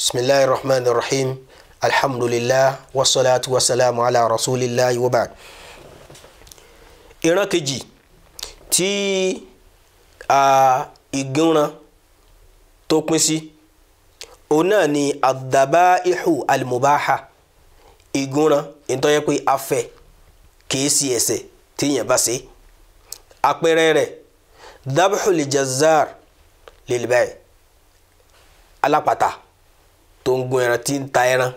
بسم الله الرحمن الرحيم الحمد لله والصلاة والسلام على رسول الله kejì tí ìgúnran tó pín sí òun náà ni adabaihu almubaha ìgúnran ìtọ́jẹ́ pé afẹ́ kìí sí ẹsẹ̀ tíyẹn bá ṣe àpẹẹrẹ rẹ̀ dabhu lijazar lilbẹ́ alápàtà gun ẹran tí ń ta ẹran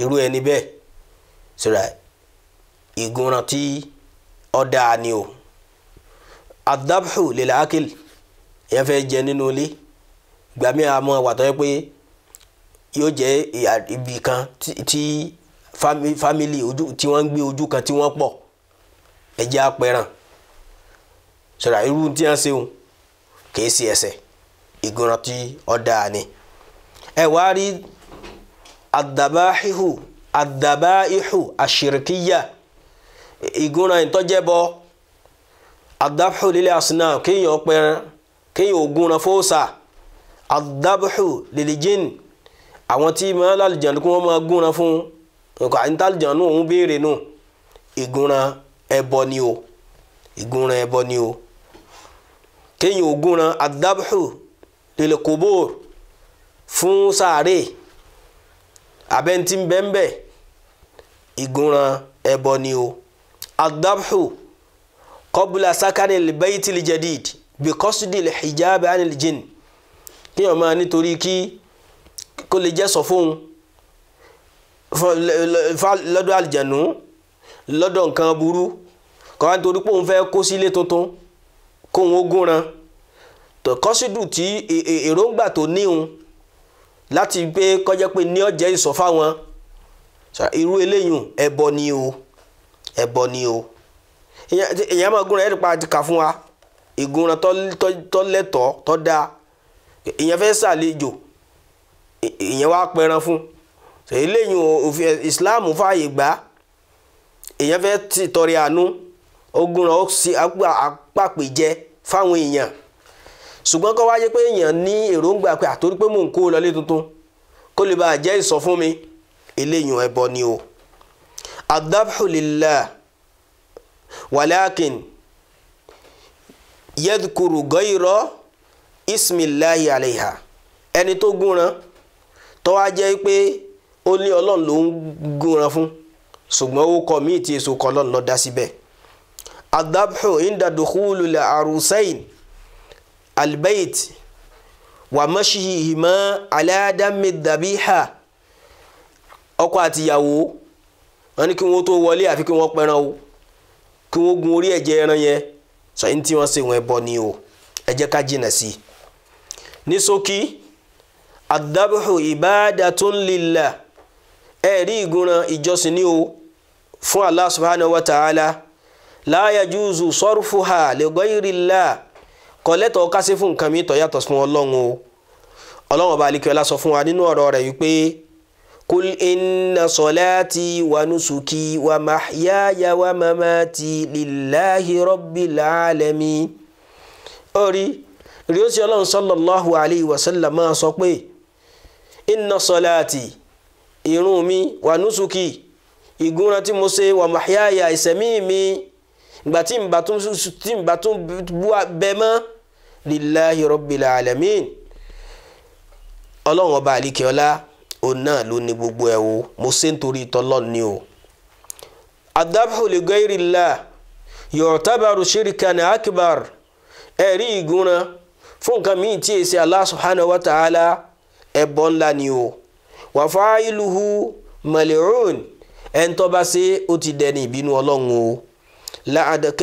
irú ẹni bẹ́ẹ̀ sọ̀rọ̀ ìgunran tí ọ̀dà ni o adabhu lil akil ìyẹn fẹ́ jẹ nínú ilé gbàmí àmọ́ wàtọ́ yẹ pé yóò jẹ́ ibì kan tí family ojú tí wọ́n ń gbé ojú kan tí wọ́n pọ̀ ẹ̀jẹ̀ apẹ̀ràn sọ̀rọ̀ irú tí wọ́n ṣe òun kì ṣe ẹ̀ṣẹ̀ ìgunran tí ọ̀dà ni ẹ wá rí àdàbáhíhù àdàbáhíhù àṣìríkíyà ìgúnran ìtọ́jẹ́bọ àdàbáhù lílé àsìnà kéèyàn pẹran kéèyàn ògúnran fóòsà àdàbáhù lílé jìn àwọn tí mọ lálùjáde kí wọ́n máa gúnran fún nǹkan àyíntàlùjáde òun béèrè nù ìgúnran ẹbọ ni o ìgúnran ẹbọ ni o kéèyàn ògúnran àdàbáhù lílé kòbóòrò fún sàárè abẹ́ntí bẹ́ńbẹ́ ìgúnran ẹbọ ni o adabhu kọbula sakani libaiti lijadid bikosidi lihijabi anilijin kíyàn máa nítorí kí kó lè jẹ́ sọ fóun lọ́dọ̀ àlìjànú lọ́dọ̀ nǹkan burú kọ́ wá nítorí pé òun fẹ́ kó sílé tuntun kóun ó gúnran tọ̀kọ́sídù tí èròǹgbà tó níhun láti gbé kọjá pé ní ọjẹ́ ìsọ fáwọn irú eléyìí ẹbọ ni o ẹbọ ni o èèyàn máa gúnra pa àti kà fún wa ìgúnra tọ́lẹ̀tọ́ lẹ́tọ̀ọ́ tó èèyàn fẹ́ fún Islam fààyè gbà èèyàn fẹ́ àánú ó gúnra ó sì ṣùgbọ́n kọ́ wáyé pé èèyàn ní èròǹgbà pé àtòrí pé mò ń kó o lọlé tuntun kó lè bá a jẹ́ ìsọ fún mi eléyìí ẹbọ ni o adhabhu walakin yadhkuru ghayra ismillahi alayha ẹni tó gúnran tó wá jẹ́ pé ó ní ọlọ́run ló ń gúnran fún ṣùgbọ́n ó kọ míì tí èso kọ ọlọ́run ló síbẹ̀ adhabhu inda arusain albayt wa mashihima ala dammi dabiha ọkọ àtìyàwó wọn ní kí wọn tó wọlé àfi kí wọn pẹran o kí wọn gun orí ẹ̀jẹ̀ ẹran yẹn sọ yín tí wọn ṣe wọn ẹbọ ni o ẹ ká jìnà sí i ní ṣókí adabuhu ibadatun lillah ẹ̀rí ìgúnran ìjọsìn ni o fún Allah subhanahu wa ta'ala la yajuzu sarfuha li ghayrillah kọ̀lẹ́tọ̀ kásí fún nǹkan mi tọ́ yàtọ̀ fún ọlọ́run o ọlọ́run ọba alikiola sọ fún wa nínú ọ̀rọ̀ rẹ̀ wípé kul inna sọláàtì wa nusuki wa mahyaya wa mamati lillahi rabbil alamin orí rí ó sì ọlọ́run sallallahu alayhi wa sallam máa sọ pé inna sọláàtì irun mi wa nusuki ìgúnran tí mo ṣe wa mahyaya ìsẹ̀mí mi ìgbà tí n mọ́ lillahi rabbil alamin ọlọ́run ọba àlìkẹ́ọ́lá òun náà ló ní gbogbo ẹ̀ o mo ṣe ń torí tọ́lọ́ ni o adabhu li gairillah yu'tabaru shirkan akbar ẹ̀rí ìgúnran fún nǹkan míì tí èsì Allah subhanahu wa ta'ala ẹ̀bọ ńlá ni o wa fa'iluhu mal'un ẹ̀ńtọ́ bá ṣe ó ti dẹni ìbínú ọlọ́run o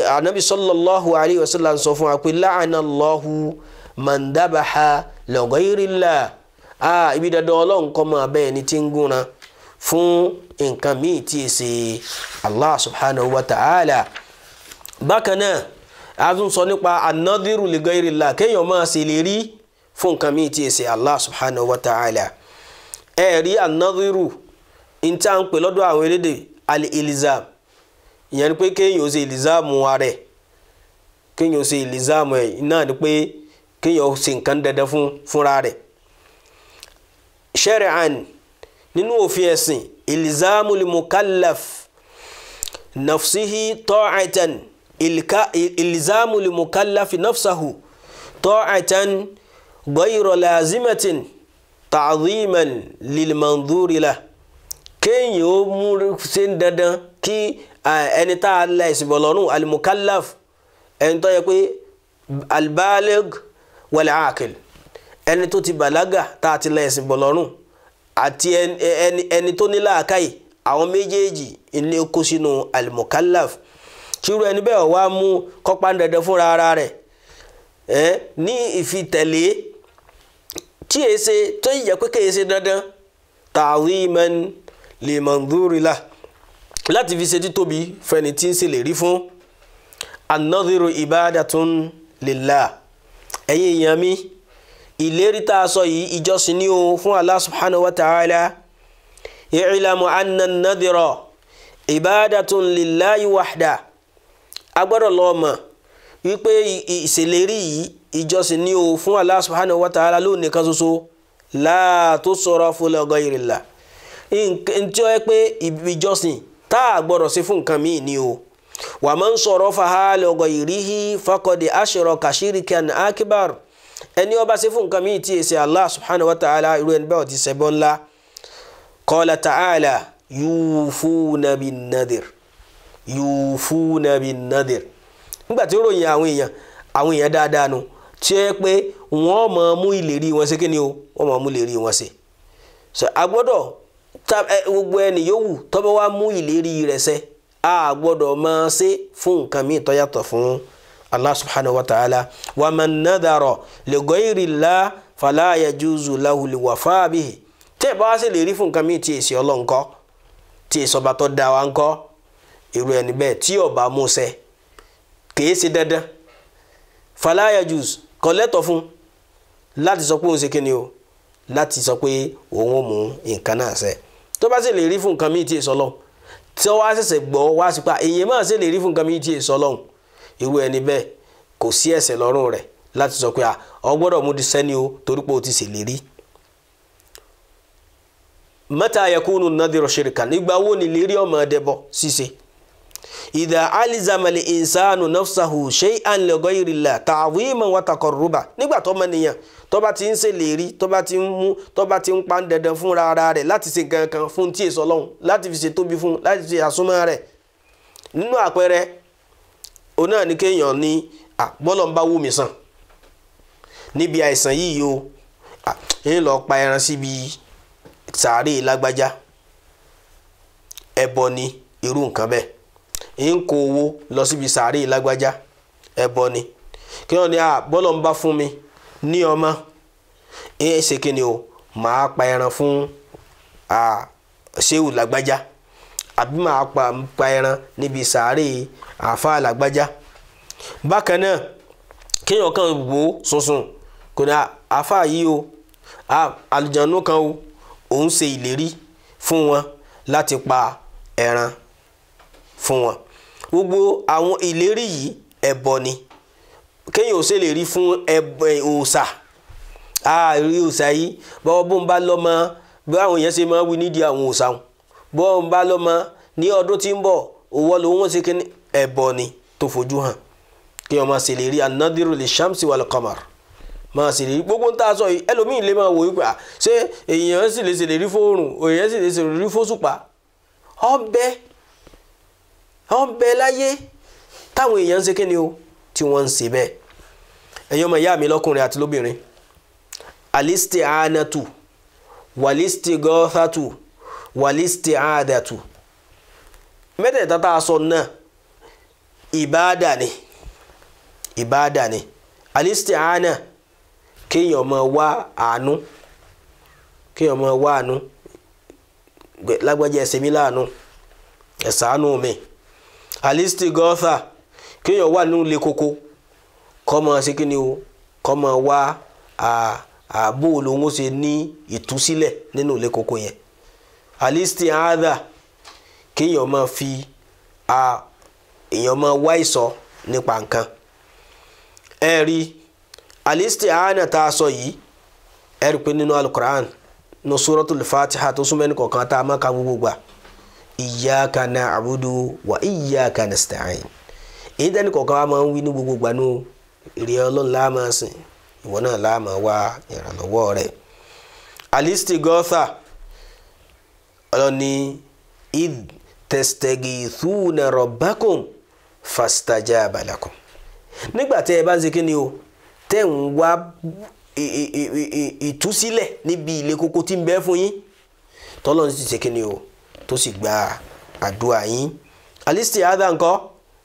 anabi sallallahu alayhi wa sallam sọ fún wa pé la'ana allahu man dabaha li ghayri Allah a ibi dandan ọlọ́run kọ́ máa bẹ́ẹ̀ ni ti ń gúnra fún nǹkan míì tí ì ṣe allah subhanahu wa ta'ala bákan náà a tún sọ nípa anadiru li ghayri Allah kéèyàn máa ṣe lè rí fún nǹkan míì tí ì ṣe allah subhanahu wa ta'ala ẹ anadiru n tí a ń pè lọ́dọ̀ àwọn elédè al ìyẹn ni pé kéèyàn ó ṣe ìlìzáàmù ara ẹ̀ kéèyàn ó ṣe ìlìzáàmù ẹ̀ náà ni pé kéèyàn ó ṣe nǹkan dandan fún fúnra rẹ̀ shari'an nínú òfin ẹ̀sìn ìlìzáàmù lil mukallaf nafsihi ta'atan ìlìzáàmù lil mukallaf nafsahu ta'atan ghayra lazimatin ta'dhiman lil mandhuri kéèyàn ó mú ṣe dandan kí Eh, ẹni tá a la ẹ̀sìn bọ̀ lọ́rùn alimukallaf ẹni tó yẹ pé albalig wal-aaqil ẹni tó ti bàlágà tá a ti la ẹ̀sìn bọ̀ lọ́rùn àti ẹni tó ní làákàyè àwọn méjèèjì ilé kó sínú alimukallaf ṣírú ẹni bẹ́ẹ̀ wá mú kọ́pá ń dandan fúnra ara rẹ̀ eh, ní ìfitẹ̀lé tí èsè tó yẹ pé kéèsè dandan ta'ziman li mandhurilah láti fi ṣe títóbi fẹ́ni tí ń ṣèlérí fún anadiru ibadatun lillah ẹ̀yin èèyàn mi ìlérí tá a sọ yìí ìjọsìn ni o fún Allah subhanahu wa ta'ala i'lamu anna nadira ibadatun lillahi wahda a gbọ́dọ̀ lọ́ọ́ mọ̀ wípé ìṣèlérí yìí ìjọsìn ni o fún Allah subhanahu wa ta'ala ló nìkan ṣoṣo láà tó sọ̀rọ̀ fún lọ́gọ́ ìrìlá ntí ó yẹ pé ìjọsìn tá a gbọ́dọ̀ sí fún nǹkan míì ni o wà máa ń sọ̀rọ̀ fàhálẹ̀ ọgọ̀ ìríhí fakọ̀dé aṣèrọ̀ kàṣíríkan akíbar ẹni ó sí fún Allah subhanahu wa ta'ala irú ẹni bẹ́ẹ̀ ti ńlá ta'ala yufuna bin nadir yufuna bin nadir nígbà tí ròyìn àwọn èèyàn àwọn èèyàn dáadáa nu tí ó pé wọ́n mú ìlérí wọn ṣe kí ni o wọ́n mú ìlérí gbogbo ẹni yòówù tó bá wá mú ìlérí rẹ̀ ṣẹ a gbọ́dọ̀ máa ṣe fún nǹkan míì tó fún allah subhanahu wa ta'ala wa man nadara li ghayri llah fala yajuzu lahu al-wafa bihi tẹ́ ẹ̀ bá wá ṣe lè rí fún nǹkan míì tí èsì ọlọ́nkọ́ tí èsì ọba tó da wa ń kọ́ irú ẹni bẹ́ẹ̀ tí ọba mú ṣẹ kìí ṣe dandan fala yajuz kò lẹ́tọ̀ fún láti sọ pé òun ṣe kíni láti sọ pé òun ò mú nǹkan náà ṣẹ tó bá sì lè rí fún nǹkan míì tí èso lọ tí wọ́n á ṣẹ̀ṣẹ̀ gbọ́ wá sí pa èyí máa ṣe lè rí fún nǹkan míì tí èso lọ́hùn irú ẹni bẹ́ẹ̀ kò sí ẹ̀ṣẹ̀ lọ́rùn rẹ̀ láti sọ pé à ọ gbọ́dọ̀ mú di sẹ́ni o torí pé o ti ṣèlérí. mẹ́ta ayẹkùnú nàdìrọ̀ ṣèrìkà nígbà wo ni lérí ọmọ ẹdẹ bọ ṣíṣe. Si ìdá alizamali ìsánù nafsahu shay'an li ghayrillah ta'ziman wa taqarruban nígbà tó mọ nìyàn tó bá ti ń ṣèlérí tó bá ti ń mú tó bá ti ń pa ń dandan fúnra ara rẹ̀ láti ṣe nǹkan kan fún tí èso ọlọ́run láti fi ṣe tóbi fún láti fi àsúnmọ́ rẹ̀ nínú àpẹẹrẹ òun náà ní kéèyàn ní bọ́lọ̀ ń bá wù mí sàn níbi àìsàn yìí o ń lọ pa ẹran síbi sàárè lágbájá ẹbọ ni irú nǹkan bẹ́ẹ̀ ń kó owó lọ síbi sàárè lágbájá ẹbọ ni kí wọn ní à bọ́lọ̀ ń bá fún mi ní ọmọ ẹ ṣe kí ni o màá pa ẹran fún ṣéwù lágbájá àbí màá pa pa ẹran níbi sàárè àáfàá lágbájá bákan náà kéèyàn kan wò ó sunsun kò ní yi yìí o àlùjànnú kan o òun ṣe ìlérí fún wọn láti pa ẹran fún wọn gbogbo àwọn ìlérí yìí ẹbọ ni kéèyàn ò ṣe lè rí fún ẹbọ eh, òòṣà àárí òòṣà yìí bọ́wọ́ bó ń bá lọ́mọ bí àwọn èèyàn ṣe máa wí nídìí àwọn òòṣà wọn bọ́ ń bá lọ́mọ ní ọdún tí ń bọ̀ òwò lòun wọ́n ṣe kí ẹbọ ni tó fojú hàn kéèyàn máa ṣe lè rí anadiru lè ṣàmṣì wal qamar máa ṣe lè rí gbogbo ń tà sọ yìí ẹlòmíì lè máa wò ó pé ṣé èèyàn sì lè ṣe lè rí fóòrùn èèyàn sì lè ṣe lè rí fóṣùpá ọbẹ̀ àwọn bẹ láyé táwọn èèyàn ń ṣe kí ni o tí wọ́n ń ṣe bẹ́ẹ̀ ẹ̀yin ọmọ ìyá mi lọ́kùnrin àti lóbìnrin alisti anatu walisti gothatu walisti adatu mẹ́tẹ̀ẹ̀ta tá a sọ náà ìbáàdà ni ìbáàdà ni alisti ana kéèyàn máa wá àánú kéèyàn máa wá àánú lágbájá ẹsẹ̀ mi láàánú ẹ̀sánú mi alistigotha kéèyàn wà nínú ilé koko kọ́mọ sékìní o kọ́mọ wá àbò lòun ó ṣe ní ìtúsílẹ̀ nínú ilé koko yẹn alistiaadha kéèyàn máa fi èèyàn máa wá ìsọ nípa nǹkan ẹ rí alistiaana tá a sọ yìí ẹ rí pé nínú alukoran nínú suratul fatiha tó súnmọ́ ẹnì kọ̀ọ̀kan tá a máa ka gbogbo gbà iyyaka na'budu wa iyyaka nasta'in èyí dání kọ̀ọ̀kan wa máa ń wí ní gbogbo gbanú èrè ọlọ́run la máa sìn ìwọ náà la máa wá ìrànlọ́wọ́ rẹ̀ alistigotha ọlọ́ni id testagithuna rabbakum fastajaba lakum nígbà tẹ́ ẹ bá ń ṣe kíni o tẹ́ ń wá ìtúsílẹ̀ níbi ilé kókó tí ń bẹ fún yín tọ́lọ́run sì ṣe kíni o tó sì gba àdúrà yín alisti nkọ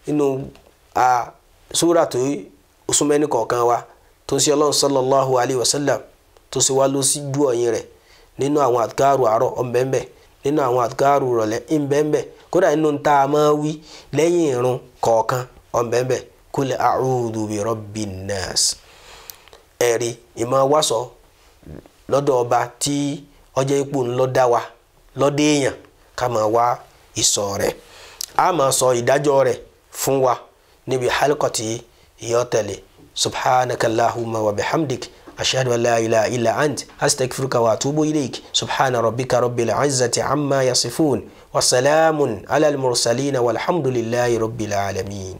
nínú sura tó súnmẹ́ni kọ̀ọ̀kan wa tó ń ṣe ọlọ́run sallallahu alayhi wa sallam tó ṣe wá ló sí ju ọ̀yìn rẹ̀ nínú àwọn àdúgárù àárọ̀ ọ̀nbẹ́ńbẹ́ nínú àwọn àdúgárù rọ̀lẹ́ ńbẹ́ńbẹ́ kódà nínú tá a máa wí lẹ́yìn irun kọ̀ọ̀kan ọ̀nbẹ́ńbẹ́ kul a'udhu bi rabbin ká máa wá ìsọ rẹ̀ a máa sọ ìdájọ́ rẹ̀ fún wa níbi halkọ̀tì ìyọ́tẹ̀lẹ̀ subhanakallahumma wa bihamdik ashhadu an la ilaha illa ant astaghfiruka wa atubu ilayk subhana rabbika rabbil izzati amma yasifun wa salamun ala al mursalin walhamdulillahi alamin.